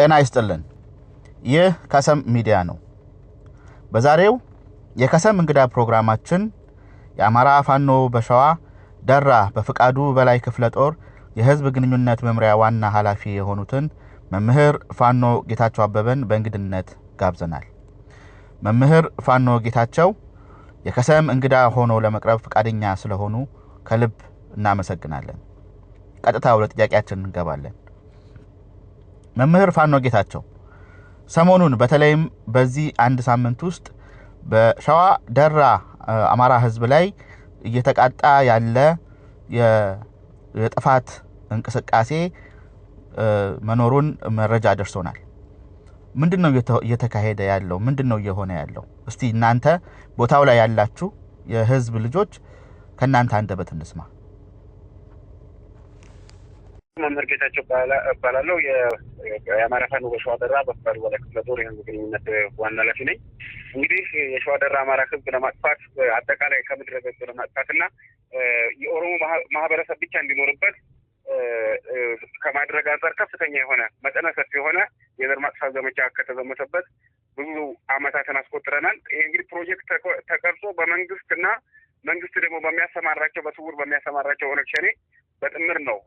ጤና ይስጥልን። ይህ ከሰም ሚዲያ ነው። በዛሬው የከሰም እንግዳ ፕሮግራማችን የአማራ ፋኖ በሸዋ ደራ በፍቃዱ በላይ ክፍለ ጦር የህዝብ ግንኙነት መምሪያ ዋና ኃላፊ የሆኑትን መምህር ፋኖ ጌታቸው አበበን በእንግድነት ጋብዘናል። መምህር ፋኖ ጌታቸው የከሰም እንግዳ ሆኖ ለመቅረብ ፍቃደኛ ስለሆኑ ከልብ እናመሰግናለን። ቀጥታ ወደ ጥያቄያችን እንገባለን። መምህር ፋኖ ጌታቸው ሰሞኑን በተለይም በዚህ አንድ ሳምንት ውስጥ በሸዋ ደራ አማራ ህዝብ ላይ እየተቃጣ ያለ የጥፋት እንቅስቃሴ መኖሩን መረጃ ደርሶናል። ምንድን ነው እየተካሄደ ያለው? ምንድን ነው እየሆነ ያለው? እስቲ እናንተ ቦታው ላይ ያላችሁ የህዝብ ልጆች ከእናንተ አንደበት እንስማ። መምህር ጌታቸው እባላለሁ። የአማራ ፋኖ በሸዋ ደራ በፍቃዱ ወደ ክፍለ ጦር የህዝብ ግንኙነት ዋና ለፊ ነኝ። እንግዲህ የሸዋ ደራ አማራ ህዝብ ለማጥፋት አጠቃላይ ከምድረ ገጽ ለማጥፋትና የኦሮሞ ማህበረሰብ ብቻ እንዲኖርበት ከማድረግ አንጻር ከፍተኛ የሆነ መጠነ ሰፊ የሆነ የዘር ማጥፋት ዘመቻ ከተዘመተበት ብዙ አመታትን አስቆጥረናል። ይህ እንግዲህ ፕሮጀክት ተቀርጾ በመንግስት እና መንግስት ደግሞ በሚያሰማራቸው በስውር በሚያሰማራቸው ኦነግ ሸኔ በጥምር ነው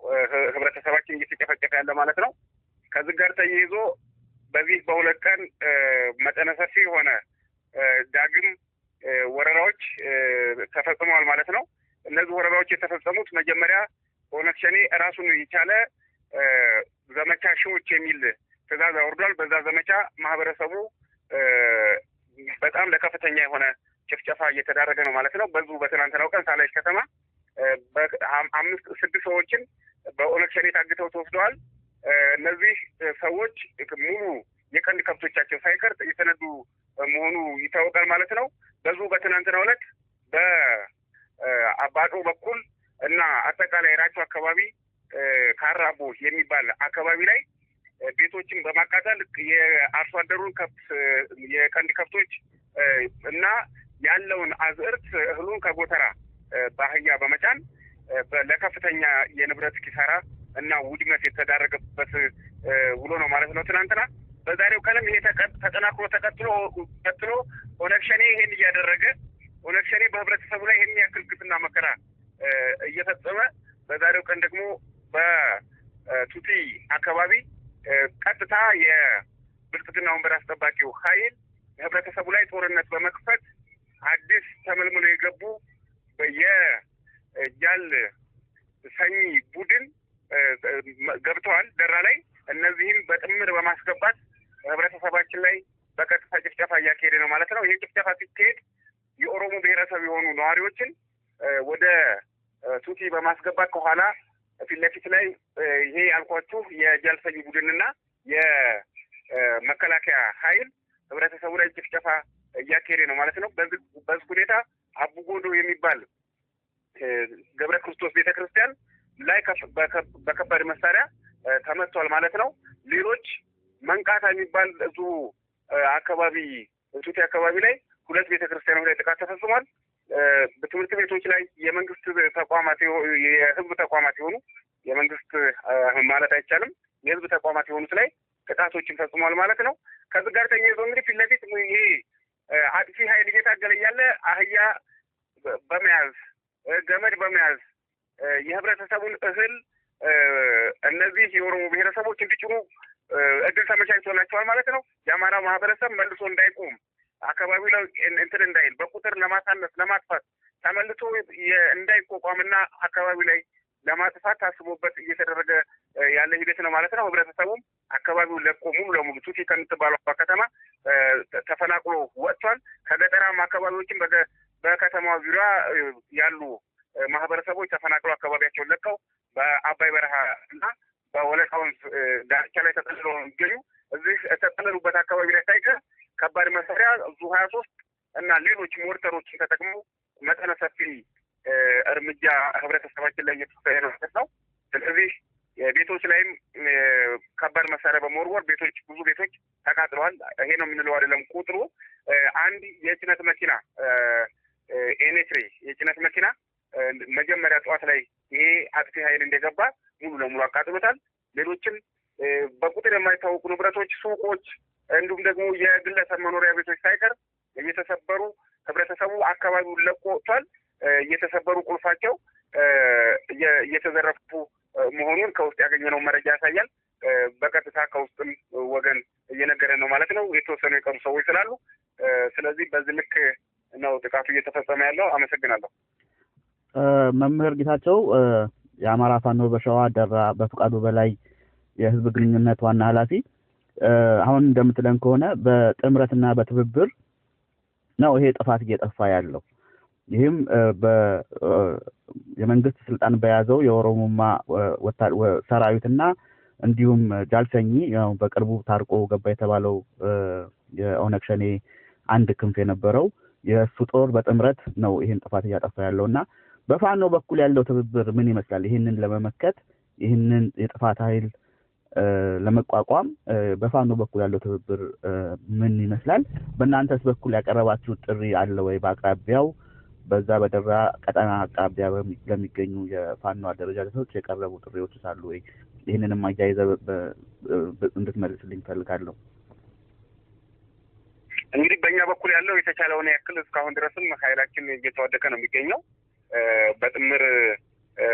ህብረተሰባችን እየተጨፈጨፈ ያለ ማለት ነው። ከዚህ ጋር ተያይዞ በዚህ በሁለት ቀን መጠነ ሰፊ የሆነ ዳግም ወረራዎች ተፈጽመዋል ማለት ነው። እነዚህ ወረራዎች የተፈጸሙት መጀመሪያ በእውነት ሸኔ ራሱን የቻለ ዘመቻ ሺዎች የሚል ትዕዛዝ አውርዷል። በዛ ዘመቻ ማህበረሰቡ በጣም ለከፍተኛ የሆነ ጭፍጨፋ እየተዳረገ ነው ማለት ነው። በዙ በትናንትናው ቀን ሳላሽ ከተማ አምስት ስድስት ሰዎችን በኦነግ ሸኔ ታግተው ተወስደዋል። እነዚህ ሰዎች ሙሉ የቀንድ ከብቶቻቸው ሳይቀር የተነዱ መሆኑ ይታወቃል ማለት ነው። በዙ በትናንትናው ዕለት በአባጮ በኩል እና አጠቃላይ ራቸው አካባቢ ካራቦ የሚባል አካባቢ ላይ ቤቶችን በማቃጠል የአርሶ አደሩን ከብት የቀንድ ከብቶች እና ያለውን አዝዕርት እህሉን ከጎተራ በአህያ በመጫን ለከፍተኛ የንብረት ኪሳራ እና ውድመት የተዳረገበት ውሎ ነው ማለት ነው ትናንትና። በዛሬው ቀንም ይሄ ተጠናክሮ ተቀጥሎ ቀጥሎ ኦነግ ሸኔ ይሄን እያደረገ ኦነግ ሸኔ በህብረተሰቡ ላይ ይሄን ያክል ግፍና መከራ እየፈጸመ በዛሬው ቀን ደግሞ በቱቲ አካባቢ ቀጥታ የብልጽግና ወንበር አስጠባቂው ኃይል ህብረተሰቡ ላይ ጦርነት በመክፈት አዲስ ተመልምሎ የገቡ የጃል ሰኚ ቡድን ገብተዋል ደራ ላይ። እነዚህም በጥምር በማስገባት ህብረተሰባችን ላይ በቀጥታ ጭፍጨፋ እያካሄደ ነው ማለት ነው። ይህ ጭፍጨፋ ሲካሄድ የኦሮሞ ብሔረሰብ የሆኑ ነዋሪዎችን ወደ ቱቲ በማስገባት ከኋላ ፊት ለፊት ላይ ይሄ ያልኳችሁ የጃልሰኝ ቡድንና የመከላከያ ኃይል ህብረተሰቡ ላይ ጭፍጨፋ እያካሄደ ነው ማለት ነው። በዚህ ሁኔታ አቡጎዶ የሚባል ገብረ ክርስቶስ ቤተ ክርስቲያን ላይ በከባድ መሳሪያ ተመቷል ማለት ነው። ሌሎች መንቃታ የሚባል እዙ አካባቢ እንሱቴ አካባቢ ላይ ሁለት ቤተ ክርስቲያኖች ላይ ጥቃት ተፈጽሟል። በትምህርት ቤቶች ላይ የመንግስት ተቋማት የህዝብ ተቋማት የሆኑ የመንግስት ማለት አይቻልም የህዝብ ተቋማት የሆኑት ላይ ጥቃቶችን ፈጽሟል ማለት ነው። ከዚህ ጋር ተያይዞ እንግዲህ ፊት ለፊት ይሄ አጥፊ ኃይል እየታገለ እያለ አህያ በመያዝ ገመድ በመያዝ የህብረተሰቡን እህል እነዚህ የኦሮሞ ብሔረሰቦች እንዲጭኑ እድል ተመቻችቶላቸዋል ማለት ነው። የአማራ ማህበረሰብ መልሶ እንዳይቆም አካባቢው ላይ እንትን እንዳይል በቁጥር ለማሳነስ ለማጥፋት ተመልሶ እንዳይቋቋምና አካባቢ ላይ ለማጥፋት ታስቦበት እየተደረገ ያለ ሂደት ነው ማለት ነው። ህብረተሰቡም አካባቢው ለቆ ሙሉ ለሙሉ ቱቲ ከምትባለው ከተማ ተፈናቅሎ ወጥቷል። ከገጠራማ አካባቢዎችም በከተማ ። ዙሪያ ያሉ ማህበረሰቦች ተፈናቅለው አካባቢያቸውን ለቀው በአባይ በረሃ እና በወለቃ ወንዝ ዳርቻ ላይ ተጠልለው የሚገኙ እዚህ ተጠለሉበት አካባቢ ላይ ሳይቀር ከባድ መሳሪያ ዙ ሀያ ሶስት እና ሌሎች ሞርተሮችን ተጠቅሞ መጠነ ሰፊ እርምጃ ህብረተሰባችን ላይ እየተወሰደ ነው ማለት ነው። ስለዚህ ቤቶች ላይም ከባድ መሳሪያ በመወርወር ቤቶች ብዙ ቤቶች ተቃጥለዋል። ይሄ ነው የምንለው አይደለም። ቁጥሩ አንድ የጭነት መኪና ኤኔትሪ የጭነት መኪና ላይ ይሄ አጥፊ ኃይል እንደገባ ሙሉ ለሙሉ አቃጥሎታል። ሌሎችም በቁጥር የማይታወቁ ንብረቶች፣ ሱቆች እንዲሁም ደግሞ የግለሰብ መኖሪያ ቤቶች ሳይቀር እየተሰበሩ ህብረተሰቡ አካባቢውን ለቆ ወጥቷል። እየተሰበሩ ቁልፋቸው እየተዘረፉ መሆኑን ከውስጥ ያገኘነው መረጃ ያሳያል። በቀጥታ ከውስጥም ወገን እየነገረ ነው ማለት ነው። የተወሰኑ የቀሩ ሰዎች ስላሉ፣ ስለዚህ በዚህ ልክ ነው ጥቃቱ እየተፈጸመ ያለው። አመሰግናለሁ። መምህር ጌታቸው የአማራ ፋኖ በሸዋ ደራ በፍቃዱ በላይ የህዝብ ግንኙነት ዋና ኃላፊ፣ አሁን እንደምትለን ከሆነ በጥምረትና በትብብር ነው ይሄ ጥፋት እየጠፋ ያለው። ይህም የመንግስት ስልጣን በያዘው የኦሮሞማ ሰራዊትና እንዲሁም ጃልሰኝ በቅርቡ ታርቆ ገባ የተባለው የኦነግ ሸኔ አንድ ክንፍ የነበረው የእሱ ጦር በጥምረት ነው ይህን ጥፋት እያጠፋ ያለው እና በፋኖ በኩል ያለው ትብብር ምን ይመስላል? ይህንን ለመመከት ይህንን የጥፋት ኃይል ለመቋቋም በፋኖ በኩል ያለው ትብብር ምን ይመስላል? በእናንተስ በኩል ያቀረባችሁ ጥሪ አለ ወይ? በአቅራቢያው በዛ በደራ ቀጠና አቅራቢያ ለሚገኙ የፋኖ አደረጃጀቶች የቀረቡ ጥሪዎች አሉ ወይ? ይህንንም አያይዘ እንድትመልስልኝ ፈልጋለሁ። እንግዲህ በእኛ በኩል ያለው የተቻለውን ያክል እስካሁን ድረስም ኃይላችን እየተዋደቀ ነው የሚገኘው በጥምር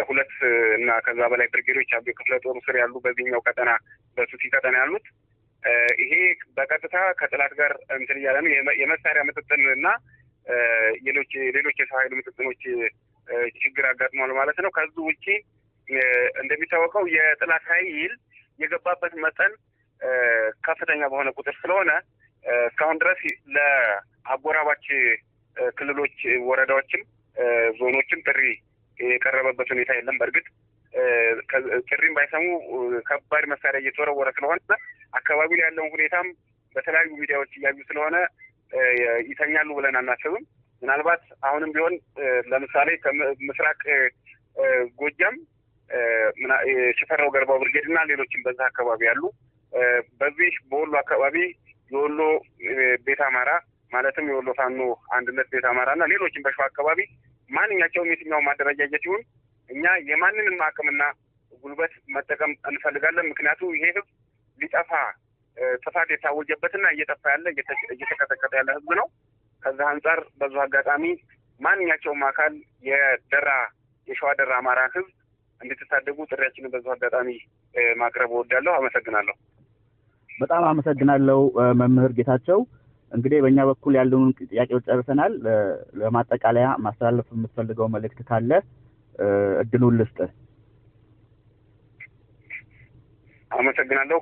ሁለት እና ከዛ በላይ ብርጌዶች አሉ። የክፍለ ጦሩ ስር ያሉ በዚህኛው ቀጠና በሱቲ ቀጠና ያሉት ይሄ በቀጥታ ከጥላት ጋር እንትን እያለ ነው የመሳሪያ ምጥጥን እና ሌሎች ሌሎች የሰው ኃይል ምጥጥኖች ችግር አጋጥሟል ማለት ነው። ከዚ ውጪ እንደሚታወቀው የጥላት ኃይል የገባበት መጠን ከፍተኛ በሆነ ቁጥር ስለሆነ እስካሁን ድረስ ለአጎራባች ክልሎች ወረዳዎችም ዞኖችም ጥሪ የቀረበበት ሁኔታ የለም። በእርግጥ ጥሪም ባይሰሙ ከባድ መሳሪያ እየተወረወረ ስለሆነ አካባቢ ላይ ያለውን ሁኔታም በተለያዩ ሚዲያዎች እያዩ ስለሆነ ይተኛሉ ብለን አናስብም። ምናልባት አሁንም ቢሆን ለምሳሌ ከምስራቅ ጎጃም ሽፈራው ገርባው ብርጌድ እና ሌሎችም በዛ አካባቢ ያሉ በዚህ በወሎ አካባቢ የወሎ ቤት አማራ ማለትም የወሎ ፋኖ አንድነት ቤት አማራ እና ሌሎችም በሸዋ አካባቢ ማንኛቸውም የትኛውም ማደረጃጀት ይሁን እኛ የማንንም አቅምና ጉልበት መጠቀም እንፈልጋለን። ምክንያቱ ይሄ ህዝብ ሊጠፋ ጥፋት የታወጀበትና እየጠፋ ያለ እየተቀጠቀጠ ያለ ህዝብ ነው። ከዛ አንጻር በዙ አጋጣሚ ማንኛቸውም አካል የደራ የሸዋ ደራ አማራ ህዝብ እንድትታደጉ ጥሪያችንን በዙ አጋጣሚ ማቅረብ እወዳለሁ። አመሰግናለሁ። በጣም አመሰግናለሁ መምህር ጌታቸው። እንግዲህ በእኛ በኩል ያለውን ጥያቄዎች ጨርሰናል። ለማጠቃለያ ማስተላለፍ የምትፈልገው መልእክት ካለ እድሉን ልስጥ። አመሰግናለሁ።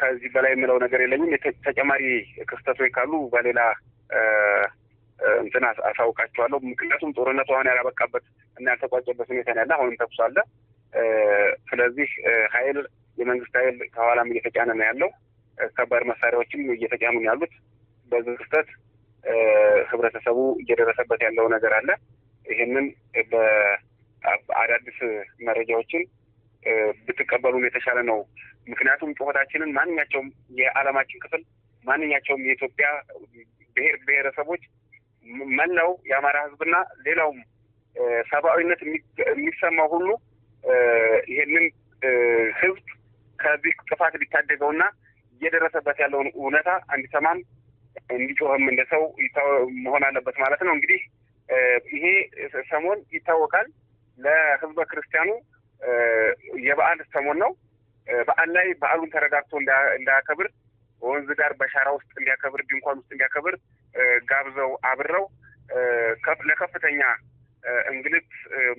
ከዚህ በላይ የምለው ነገር የለኝም። ተጨማሪ ክፍተቶች ካሉ በሌላ እንትን አሳውቃቸዋለሁ። ምክንያቱም ጦርነቱ አሁን ያላበቃበት እና ያልተቋጨበት ሁኔታ ያለ፣ አሁንም ተኩስ አለ። ስለዚህ ኃይል የመንግስት ኃይል ከኋላም እየተጫነ ነው ያለው። ከባድ መሳሪያዎችም እየተጫኑ ነው ያሉት። በዚህ ክስተት ህብረተሰቡ እየደረሰበት ያለው ነገር አለ። ይህንን በአዳዲስ መረጃዎችን ብትቀበሉን የተሻለ ነው። ምክንያቱም ጩኸታችንን ማንኛቸውም የዓለማችን ክፍል ማንኛቸውም የኢትዮጵያ ብሔር ብሔረሰቦች መላው የአማራ ህዝብና ሌላውም ሰብአዊነት የሚሰማው ሁሉ ይህንን ህዝብ ከዚህ ጥፋት ሊታደገውና እየደረሰበት ያለውን እውነታ እንዲሰማም እንዲጮህም እንደ ሰው መሆን አለበት ማለት ነው። እንግዲህ ይሄ ሰሞን ይታወቃል፣ ለህዝበ ክርስቲያኑ የበዓል ሰሞን ነው። በዓል ላይ በዓሉን ተረጋግቶ እንዳያከብር ወንዝ ዳር በሻራ ውስጥ እንዲያከብር፣ ድንኳን ውስጥ እንዲያከብር ጋብዘው አብረው ለከፍተኛ እንግልት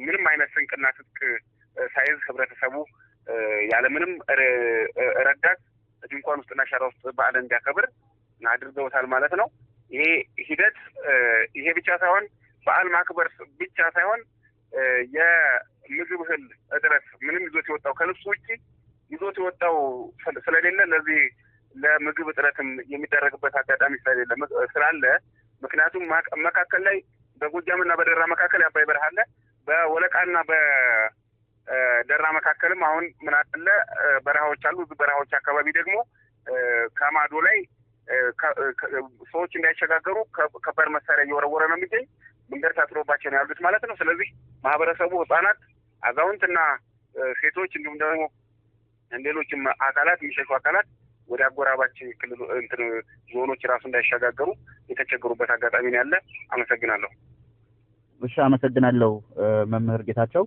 ምንም አይነት ስንቅና ትጥቅ ሳይዝ ህብረተሰቡ ያለምንም ረዳት ድንኳን ውስጥና ሻራ ውስጥ በዓል እንዲያከብር አድርገውታል ማለት ነው። ይሄ ሂደት ይሄ ብቻ ሳይሆን በዓል ማክበር ብቻ ሳይሆን የምግብ እህል እጥረት ምንም ይዞት የወጣው ከልብሱ ውጭ ይዞት የወጣው ስለሌለ ለዚህ ለምግብ እጥረትም የሚደረግበት አጋጣሚ ስለሌለ ስላለ ምክንያቱም መካከል ላይ በጎጃምና በደራ መካከል ያባይ በረሃ አለ። በወለቃና በደራ መካከልም አሁን ምን አለ በረሃዎች አሉ። በረሃዎች አካባቢ ደግሞ ከማዶ ላይ ሰዎች እንዳይሸጋገሩ ከባድ መሳሪያ እየወረወረ ነው የሚገኝ። መንገድ ታጥሮባቸው ነው ያሉት ማለት ነው። ስለዚህ ማህበረሰቡ ህጻናት፣ አዛውንትና ሴቶች እንዲሁም ደግሞ ሌሎችም አካላት የሚሸሹ አካላት ወደ አጎራባች ክልሉ እንትን ዞኖች ራሱ እንዳይሸጋገሩ የተቸገሩበት አጋጣሚ ነው ያለ። አመሰግናለሁ። እሺ፣ አመሰግናለሁ መምህር ጌታቸው።